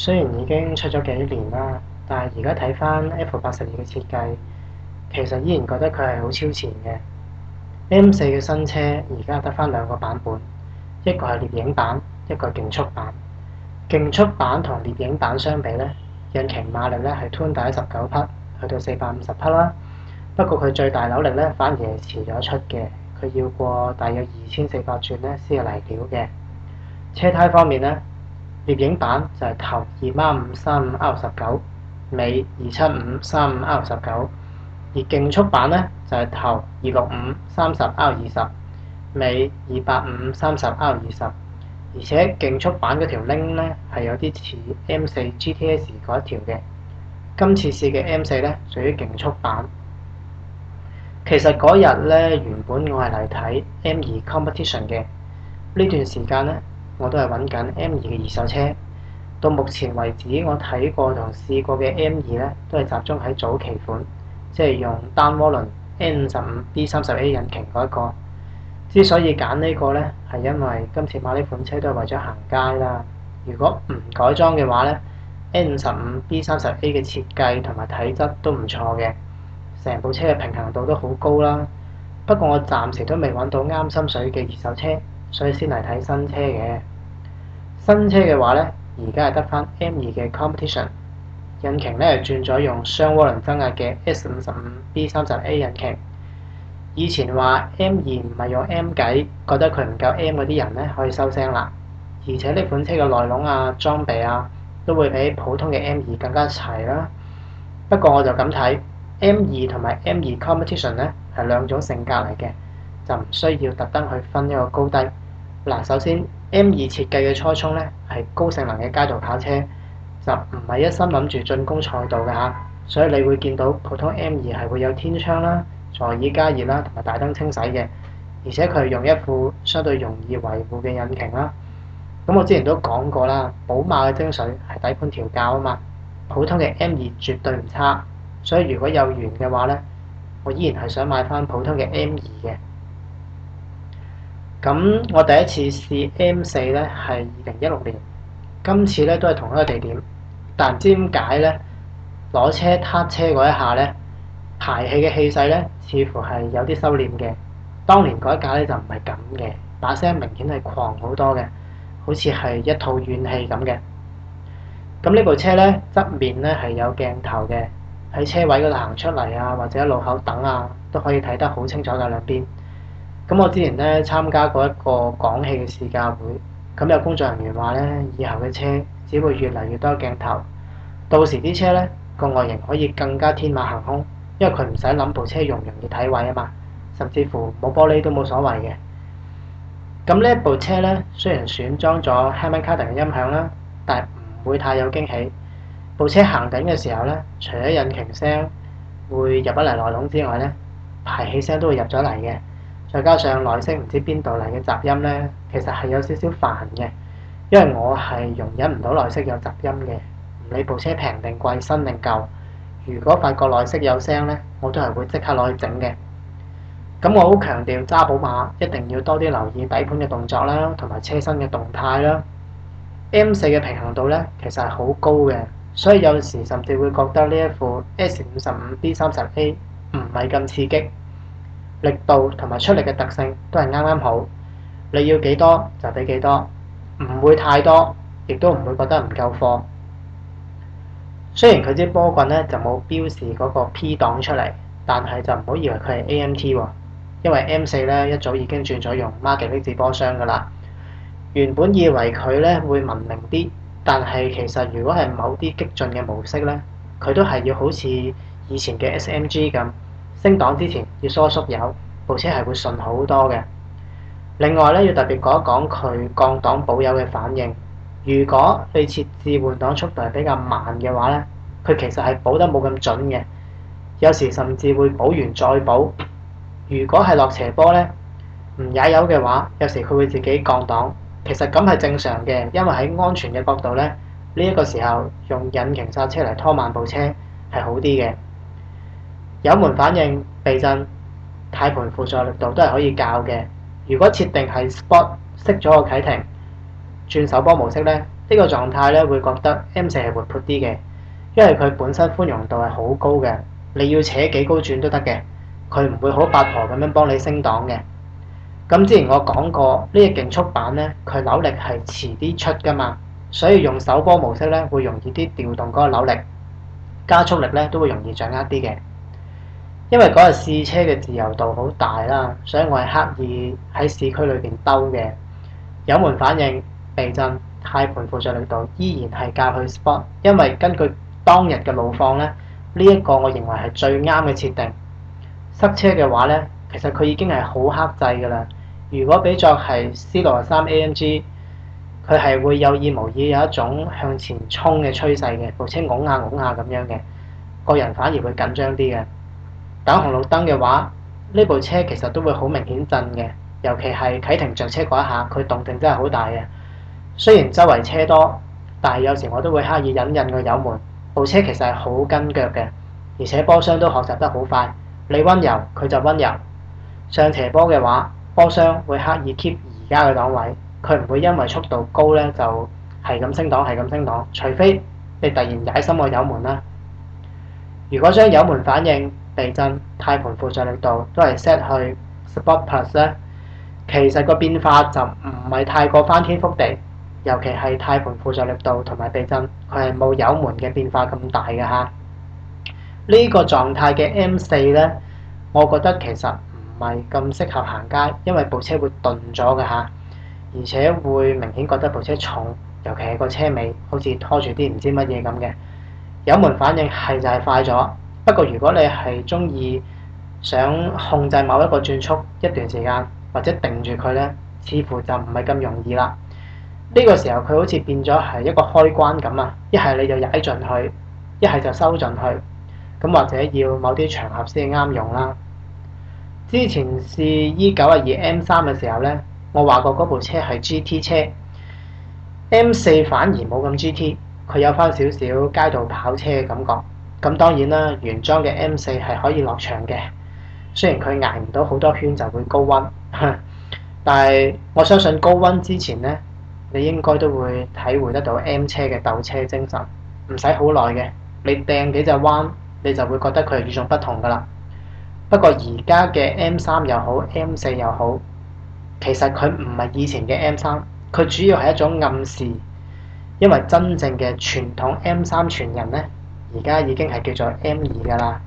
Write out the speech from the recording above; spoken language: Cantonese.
雖然已經出咗幾年啦，但係而家睇翻 F 八十二嘅設計，其實依然覺得佢係好超前嘅。M 四嘅新車而家得翻兩個版本，一個係獵影版，一個係競速版。競速版同獵影版相比咧，引擎馬力咧係轉底十九匹，去到四百五十匹啦。不過佢最大扭力咧反而係遲咗出嘅，佢要過大約二千四百轉呢先有嚟料嘅。車胎方面呢。烈影版就係頭二孖五三五 R 十九，尾二七五三五 R 十九；而競速版咧就係頭二六五三十 R 二十，尾二八五三十 R 二十。而且競速版嗰條 link 咧係有啲似 M 四 GTS 嗰一條嘅。今次試嘅 M 四咧屬於競速版。其實嗰日咧原本我係嚟睇 M 二 Competition 嘅。呢段時間咧。我都係揾緊 M 二嘅二手車。到目前為止，我睇過同試過嘅 M 二咧，都係集中喺早期款，即係用單渦輪 N 五十五 B 三十 A 引擎嗰一個。之所以揀呢個呢，係因為今次買呢款車都係為咗行街啦。如果唔改裝嘅話呢，N 五十五 B 三十 A 嘅設計同埋體質都唔錯嘅，成部車嘅平衡度都好高啦。不過我暫時都未揾到啱心水嘅二手車。所以先嚟睇新車嘅，新車嘅話呢，而家係得返 M 二嘅 Competition，引擎呢係轉咗用雙渦輪增壓嘅 S 五十五 B 三十 A 引擎。以前話 M 二唔係用 M 機，覺得佢唔夠 M 嗰啲人呢，可以收聲啦。而且呢款車嘅內籠啊裝備啊，都會比普通嘅 M 二更加齊啦。不過我就咁睇，M 二同埋 M 二 Competition 呢係兩種性格嚟嘅。就唔需要特登去分一個高低嗱。首先 M 二設計嘅初衷呢係高性能嘅街道跑車，就唔係一心諗住進攻賽道嘅嚇。所以你會見到普通 M 二係會有天窗啦、座椅加熱啦同埋大燈清洗嘅，而且佢係用一副相對容易維護嘅引擎啦。咁我之前都講過啦，寶馬嘅精髓係底盤調教啊嘛。普通嘅 M 二絕對唔差，所以如果有緣嘅話呢，我依然係想買翻普通嘅 M 二嘅。咁我第一次試 M 四咧，係二零一六年。今次咧都係同一個地點，但唔知點解咧攞車撻車嗰一下咧，排氣嘅氣勢咧，似乎係有啲收斂嘅。當年嗰一架咧就唔係咁嘅，把聲明顯係狂好多嘅，好似係一套怨氣咁嘅。咁呢部車咧側面咧係有鏡頭嘅，喺車位嗰度行出嚟啊，或者喺路口等啊，都可以睇得好清楚㗎兩邊。咁我之前咧參加過一個廣汽嘅試駕會，咁有工作人員話呢，以後嘅車只會越嚟越多鏡頭，到時啲車呢個外形可以更加天馬行空，因為佢唔使諗部車容唔容易睇位啊嘛，甚至乎冇玻璃都冇所謂嘅。咁呢部車呢，雖然選裝咗 Harman Kardon 嘅音響啦，但係唔會太有驚喜。部車行緊嘅時候呢，除咗引擎聲會入得嚟內籠之外呢，排氣聲都會入咗嚟嘅。再加上內飾唔知邊度嚟嘅雜音呢，其實係有少少煩嘅，因為我係容忍唔到內飾有雜音嘅。唔理部車平定貴新定舊，如果發覺內飾有聲呢，我都係會即刻攞去整嘅。咁我好強調揸寶馬一定要多啲留意底盤嘅動作啦，同埋車身嘅動態啦。M4 嘅平衡度呢，其實係好高嘅，所以有時甚至會覺得呢一副 S55B30A 唔係咁刺激。力度同埋出力嘅特性都係啱啱好，你要幾多就俾幾多，唔會太多，亦都唔會覺得唔夠貨。雖然佢啲波棍呢就冇標示嗰個 P 檔出嚟，但係就唔好以為佢係 AMT 喎，因為 M 四呢一早已經轉咗用 Mark 獅子波箱噶啦。原本以為佢呢會文明啲，但係其實如果係某啲激進嘅模式呢，佢都係要好似以前嘅 SMG 咁。升檔之前要疏縮油，部車係會順好多嘅。另外咧，要特別講一講佢降檔保油嘅反應。如果你設置換檔速度係比較慢嘅話咧，佢其實係保得冇咁準嘅。有時甚至會保完再保。如果係落斜坡咧，唔踩油嘅話，有時佢會自己降檔。其實咁係正常嘅，因為喺安全嘅角度咧，呢一個時候用引擎煞車嚟拖慢部車係好啲嘅。有門反應避震，太盤輔助力度都係可以教嘅。如果設定係 spot r 熄咗個啟停轉手波模式呢，呢、這個狀態呢，會覺得 M 四係活潑啲嘅，因為佢本身寬容度係好高嘅，你要扯幾高轉都得嘅，佢唔會好八婆咁樣幫你升檔嘅。咁之前我講過呢、這個競速版呢，佢扭力係遲啲出㗎嘛，所以用手波模式呢，會容易啲調動嗰個扭力加速力呢都會容易掌握啲嘅。因為嗰日試車嘅自由度好大啦，所以我係刻意喺市區裏邊兜嘅。油門反應、避震，軚盤輔助力度，依然係較去 Sport。因為根據當日嘅路況呢，呢一個我認為係最啱嘅設定。塞車嘅話呢，其實佢已經係好克制㗎啦。如果比作係 C 六十三 AMG，佢係會有意無意有一種向前衝嘅趨勢嘅，部車拱下拱下咁樣嘅，個人反而會緊張啲嘅。等紅綠燈嘅話，呢部車其實都會好明顯震嘅，尤其係啟停着車嗰一下，佢動靜真係好大嘅。雖然周圍車多，但係有時我都會刻意忍忍個油門。部車其實係好跟腳嘅，而且波箱都學習得好快。你溫柔佢就溫柔。上斜波嘅話，波箱會刻意 keep 而家嘅檔位，佢唔會因為速度高呢就係咁升檔係咁升檔，除非你突然踩深個油門啦。如果將油門反應，避震、胎盤輔助力度都係 set 去 Sport Plus 咧，其實個變化就唔係太過翻天覆地，尤其係胎盤輔助力度同埋避震，佢係冇油門嘅變化咁大嘅嚇。呢、這個狀態嘅 M 四呢，我覺得其實唔係咁適合行街，因為部車會頓咗嘅嚇，而且會明顯覺得部車重，尤其係個車尾好似拖住啲唔知乜嘢咁嘅。油門反應係就係快咗。不過，如果你係中意想控制某一個轉速一段時間，或者定住佢呢，似乎就唔係咁容易啦。呢個時候佢好似變咗係一個開關咁啊！一係你就踩進去，一係就收進去。咁或者要某啲場合先啱用啦。之前試 E 九啊二 M 三嘅時候呢，我話過嗰部車係 GT 車。M 四反而冇咁 GT，佢有翻少少街道跑車嘅感覺。咁當然啦，原裝嘅 M 四係可以落場嘅，雖然佢捱唔到好多圈就會高溫，但係我相信高溫之前呢，你應該都會體會得到 M 車嘅鬥車精神，唔使好耐嘅，你掟幾隻彎你就會覺得佢係與眾不同噶啦。不過而家嘅 M 三又好，M 四又好，其實佢唔係以前嘅 M 三，佢主要係一種暗示，因為真正嘅傳統 M 三傳人呢。而家已經係叫做 M 二㗎啦。